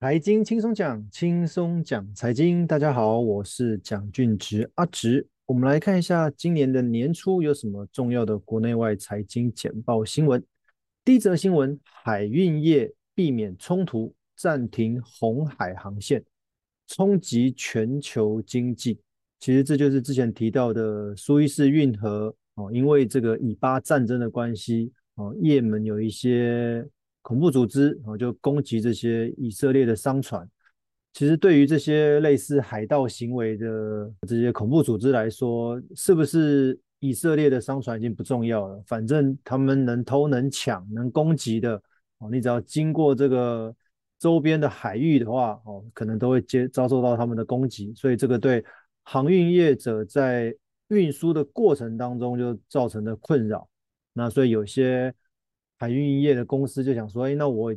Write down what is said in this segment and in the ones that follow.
財經輕鬆講，輕鬆講財經。大家好，我是蔣俊植阿植。我們來看一下今年的年初有什麼重要的國內外財經簡報新聞。第一則新聞，海運業避免衝突，暫停紅海航線，衝擊全球經濟。其實這就是之前提到的蘇伊士運河哦，因為這個以巴戰爭的關係哦，也門有一些。恐怖組織啊，就攻擊這些以色列的商船。其實對於這些類似海盜行為的這些恐怖組織來說，是不是以色列的商船已經不重要了？反正他們能偷、能搶、能攻擊的，你只要經過這個周邊的海域的話，可能都會接遭受到他們的攻擊。所以這個對航運業者在運輸的過程當中就造成的困擾。那所以有些。海運營業的公司就想說，哎，那我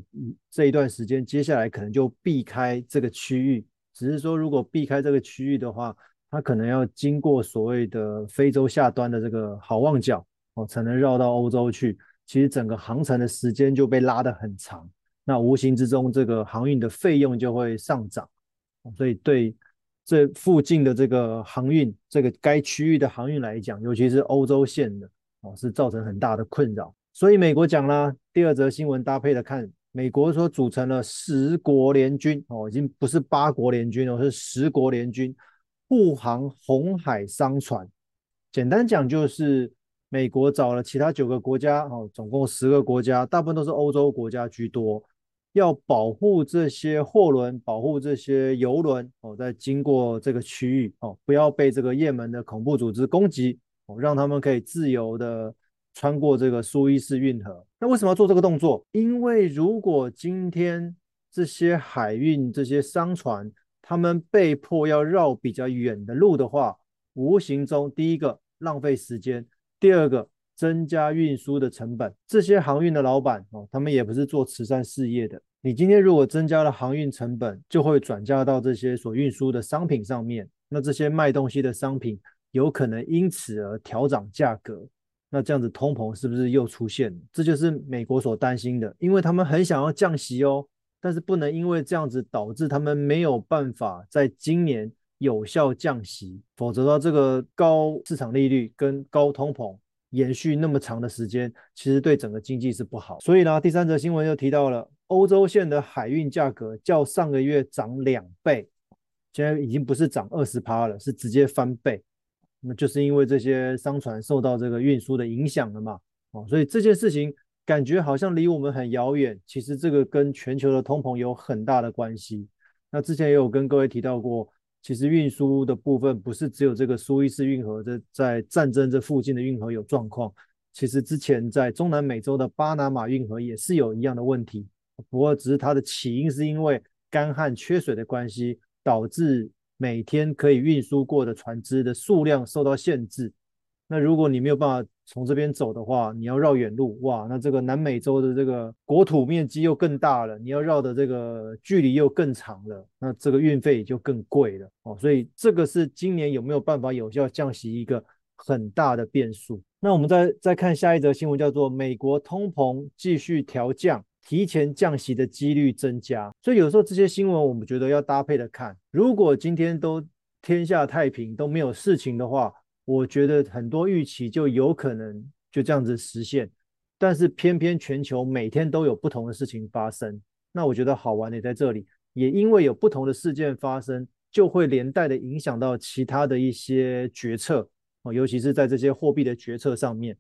這一段時間接下來可能就避開這個區域。只是說，如果避開這個區域的話，它可能要經過所謂的非洲下端的這個好望角，哦，才能繞到歐洲去。其實整個航程的時間就被拉得很長，那無形之中，這個航運的費用就會上漲。所以對這附近的這個航運，這個該區域的航運來講，尤其是歐洲線的，哦，是造成很大的困擾。所以美國講了，第二則新聞搭配的看，美國說組成了十國聯軍哦，已經不是八國聯軍哦，是十國聯軍護航紅海商船。簡單講就是美國找了其他九個國家哦，總共十個國家，大部分都是歐洲國家居多，要保護這些貨輪、保護這些油輪哦，在經過這個區域哦，不要被這個也門的恐怖組織攻擊哦，讓他們可以自由的。穿過這個蘇伊士運河，那為什麼要做這個動作？因為如果今天這些海運、這些商船，他們被迫要繞比較遠的路的話，無形中第一個浪費時間，第二個增加運輸的成本。這些航運的老闆哦，他們也不是做慈善事業的。你今天如果增加了航運成本，就會轉嫁到這些所運輸的商品上面。那這些賣東西的商品有可能因此而調漲價格。那這樣子通膨是不是又出現了？這就是美國所擔心的，因為他們很想要降息哦，但是不能因為這樣子導致他們沒有辦法在今年有效降息，否則的話，這個高市場利率跟高通膨延續那麼長的時間，其實對整個經濟是不好。所以呢，第三則新聞又提到了，歐洲線的海運價格較上個月漲兩倍，現在已經不是漲二十趴了，是直接翻倍。那就是因為這些商船受到這個運輸的影響了嘛，哦，所以這件事情感覺好像離我們很遙遠。其實這個跟全球的通膨有很大的關係。那之前也有跟各位提到過，其實運輸的部分不是只有這個蘇伊士運河在戰爭這附近的運河有狀況，其實之前在中南美洲的巴拿馬運河也是有一樣的問題，不過只是它的起因是因為乾旱缺水的關係導致。每天可以運輸過的船隻的數量受到限制，那如果你沒有辦法從這邊走的話，你要繞遠路，哇，那這個南美洲的這個國土面積又更大了，你要繞的這個距離又更長了，那這個運費就更貴了，哦，所以這個是今年有沒有辦法有效降息一個很大的變數。那我們再再看下一則新聞，叫做美國通膨繼續調降。提前降息的幾率增加，所以有時候這些新聞我們覺得要搭配的看。如果今天都天下太平，都沒有事情的話，我覺得很多預期就有可能就這樣子實現。但是偏偏全球每天都有不同的事情發生，那我覺得好玩的在這裡，也因為有不同的事件發生，就會連帶的影響到其他的一些決策哦，尤其是在這些貨幣的決策上面。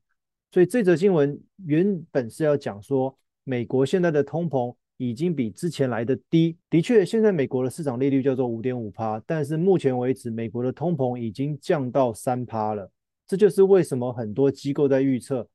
所以這則新聞原本是要講說。美國現在的通膨已經比之前來的低，的確，現在美國的市場利率叫做五點五趴，但是目前為止，美國的通膨已經降到三趴了。這就是為什麼很多機構在預測，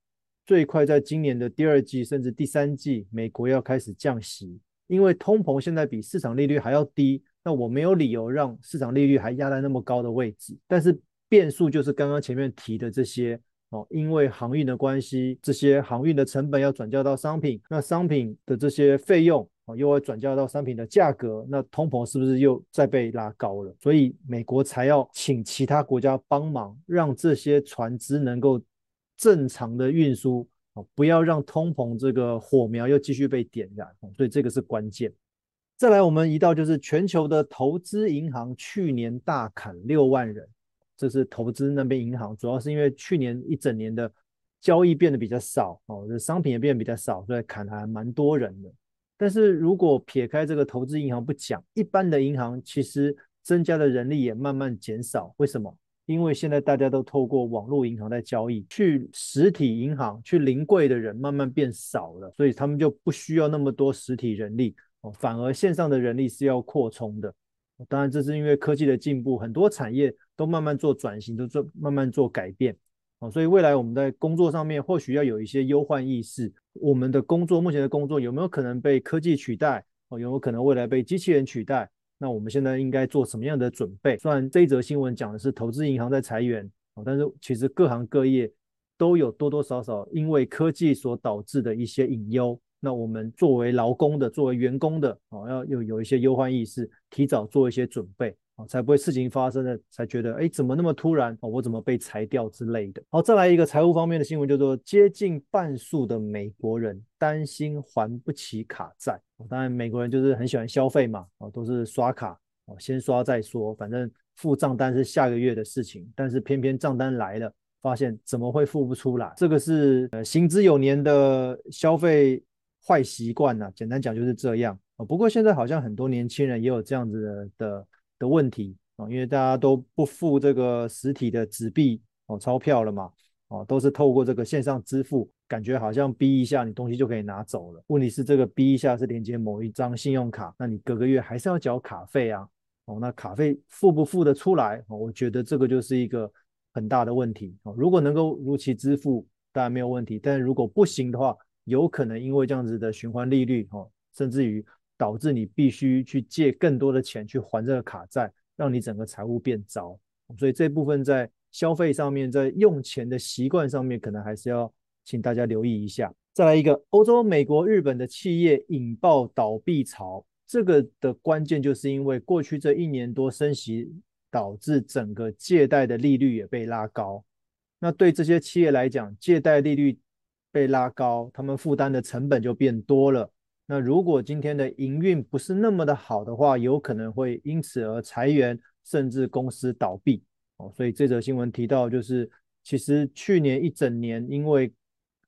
最快在今年的第二季甚至第三季，美國要開始降息，因為通膨現在比市場利率還要低，那我沒有理由讓市場利率還壓在那麼高的位置。但是變數就是剛剛前面提的這些。哦，因為航運的關係，這些航運的成本要轉嫁到商品，那商品的這些費用哦，又要轉嫁到商品的價格，那通膨是不是又再被拉高了？所以美國才要請其他國家幫忙，讓這些船只能夠正常的運輸哦，不要讓通膨這個火苗又繼續被點燃。所以這個是關鍵。再來，我們移到就是全球的投資銀行去年大砍六萬人。這是投資那邊銀行，主要是因為去年一整年的交易變得比較少哦，這商品也變得比較少,所以砍的還蠻多人的。但是如果撇開這個投資銀行不講，一般的銀行其實增加的人力也慢慢減少。為什麼？因為現在大家都透過網絡銀行在交易，去實體銀行去臨櫃的人慢慢變少了，所以他們就不需要那麼多實體人力哦，反而線上的人力是要擴充的。哦，當然，這是因為科技的進步，很多產業。都慢慢做轉型，都做慢慢做改變，哦，所以未來我們在工作上面或許要有一些憂患意識。我們的工作，目前的工作有沒有可能被科技取代？哦，有沒有可能未來被機器人取代？那我們現在應該做什麼樣的準備？雖然這一則新聞講的是投資銀行在裁員，哦，但是其實各行各業都有多多少少因為科技所導致的一些隱憂。那我們作為勞工的，作為員工的，哦，要有有一些憂患意識，提早做一些準備。才不會事情發生了才覺得哎、欸、怎麼那麼突然哦，我怎麼被裁掉之類的。好、哦、再來一個財務方面的新聞，就說接近半數的美國人擔心還不起卡債、哦。當然美國人就是很喜歡消費嘛、哦，都是刷卡、哦，先刷再說，反正付賬單是下個月的事情。但是偏偏賬單來了，發現怎麼會付不出來？這個是呃行之有年的消費壞習慣吶。簡單講就是這樣、哦。不過現在好像很多年輕人也有這樣子的。的問題啊、哦，因為大家都不付這個實體的紙幣哦，鈔票了嘛、哦，都是透過這個線上支付，感覺好像逼一下你東西就可以拿走了。問題是這個逼一下是連接某一張信用卡，那你隔個月還是要繳卡費啊、哦，那卡費付不付得出來、哦，我覺得這個就是一個很大的問題啊、哦。如果能夠如期支付，當然沒有問題，但如果不行的話，有可能因為這樣子的循環利率哦，甚至於。導致你必須去借更多的錢去還這個卡債，讓你整個財務變糟。所以這部分在消費上面，在用錢的習慣上面，可能還是要請大家留意一下。再來一個，歐洲、美國、日本的企業引爆倒閉潮，這個的關鍵就是因為過去這一年多升息，導致整個借貸的利率也被拉高。那對這些企業來講，借貸利率被拉高，他們負擔的成本就變多了。那如果今天的營運不是那麼的好的話，有可能會因此而裁員，甚至公司倒閉哦。所以這則新聞提到，就是其實去年一整年因為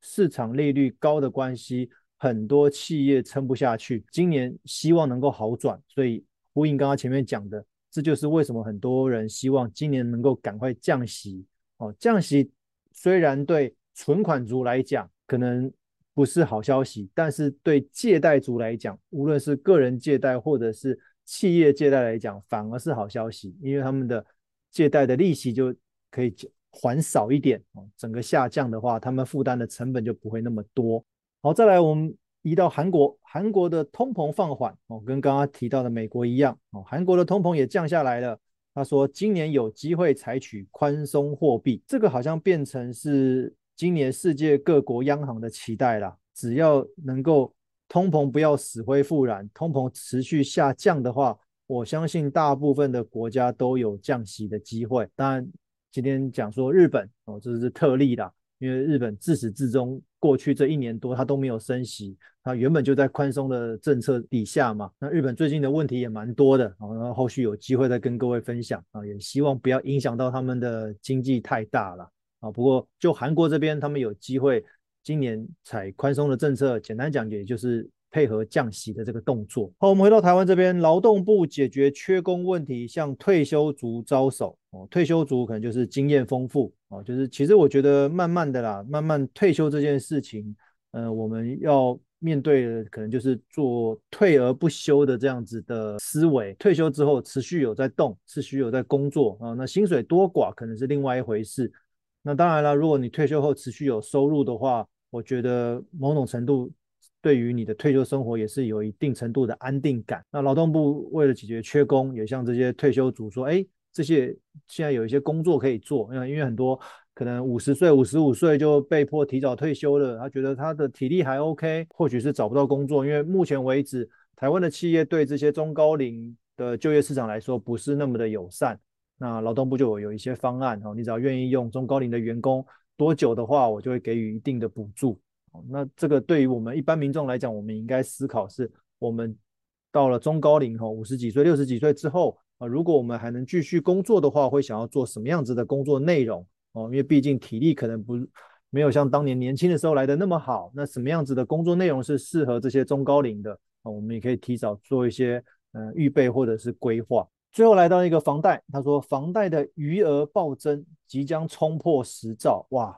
市場利率高的關係，很多企業撐不下去。今年希望能夠好轉，所以呼應剛剛前面講的，這就是為什麼很多人希望今年能夠趕快降息哦。降息雖然對存款族來講可能不是好消息，但是對借貸族來講，無論是個人借貸或者是企業借貸來講，反而是好消息，因為他們的借貸的利息就可以還少一點，整個下降的話，他們負擔的成本就不會那麼多。好，再來我們移到韓國，韓國的通膨放緩哦，跟剛剛提到的美國一樣哦，韓國的通膨也降下來了。他說今年有機會採取寬鬆貨幣，這個好像變成是。今年世界各國央行的期待啦，只要能夠通膨不要死灰復燃，通膨持續下降的話，我相信大部分的國家都有降息的機會。當然，今天講說日本哦，這是特例啦，因為日本自始至終過去這一年多，它都沒有升息，它原本就在寬鬆的政策底下嘛。那日本最近的問題也蠻多的，然後，後續有機會再跟各位分享啊，也希望不要影響到他們的經濟太大了。啊，不過就韓國這邊，他們有機會今年採寬鬆的政策，簡單講，也就是配合降息的這個動作。好，我們回到台灣這邊，勞動部解決缺工問題，向退休族招手哦。退休族可能就是經驗豐富、哦、就是其實我覺得慢慢的啦，慢慢退休這件事情，呃，我們要面對的可能就是做退而不休的這樣子的思維。退休之後持續有在動，持續有在工作啊、哦，那薪水多寡可能是另外一回事。那當然啦，如果你退休後持續有收入的話，我覺得某種程度對於你的退休生活也是有一定程度的安定感。那勞動部為了解決缺工，也向這些退休族說：“哎，這些現在有一些工作可以做。”因為很多可能五十歲、五十五歲就被迫提早退休了，他覺得他的體力還 OK，或許是找不到工作，因為目前為止，台灣的企業對這些中高齡的就業市場來說不是那麼的友善。那勞動部就有一些方案哦，你只要願意用中高齡的員工多久的話，我就會給予一定的補助。那這個對於我們一般民眾來講，我們應該思考是我們到了中高齡哈，五十幾歲、六十幾歲之後啊，如果我們還能繼續工作的話，會想要做什麼樣子的工作內容哦？因為畢竟體力可能不沒有像當年年輕的時候來得那麼好。那什麼樣子的工作內容是適合這些中高齡的啊？我們也可以提早做一些呃預備或者是規劃。最後來到一個房貸，他說房貸的餘額暴增，即將衝破十兆哇！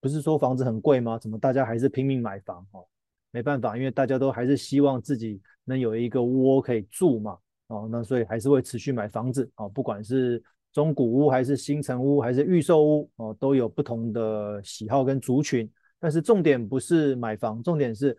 不是說房子很貴嗎？怎麼大家還是拼命買房哦？沒辦法，因為大家都還是希望自己能有一個窩可以住嘛哦，那所以還是會持續買房子哦，不管是中古屋還是新成屋還是預售屋哦，都有不同的喜好跟族群，但是重點不是買房，重點是。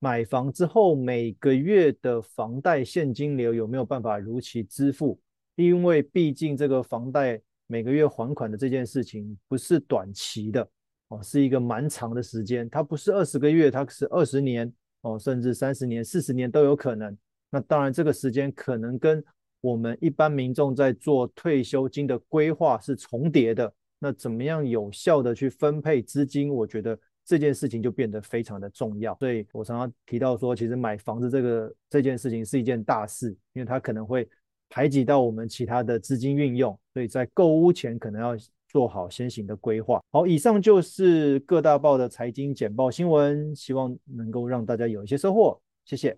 買房之後每個月的房貸現金流有沒有辦法如期支付？因為畢竟這個房貸每個月還款的這件事情不是短期的哦，是一個蠻長的時間。它不是二十個月，它是二十年哦，甚至三十年、四十年都有可能。那當然，這個時間可能跟我們一般民眾在做退休金的規劃是重疊的。那怎麼樣有效地去分配資金？我覺得。這件事情就變得非常的重要，所以我常常提到說，其實買房子這個這件事情是一件大事，因為它可能會排擠到我們其他的資金運用，所以在購屋前可能要做好先行的規劃。好，以上就是各大報的財經簡報新聞，希望能夠讓大家有一些收穫，謝謝。